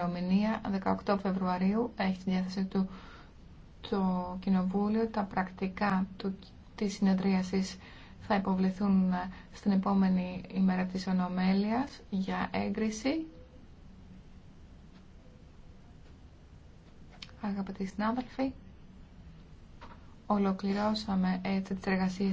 ημερομηνία 18 Φεβρουαρίου έχει τη διάθεση του το Κοινοβούλιο. Τα πρακτικά του, της συνεδρίασης θα υποβληθούν ε, στην επόμενη ημέρα της ονομέλειας για έγκριση. Αγαπητοί συνάδελφοι, ολοκληρώσαμε έτσι τις εργασίες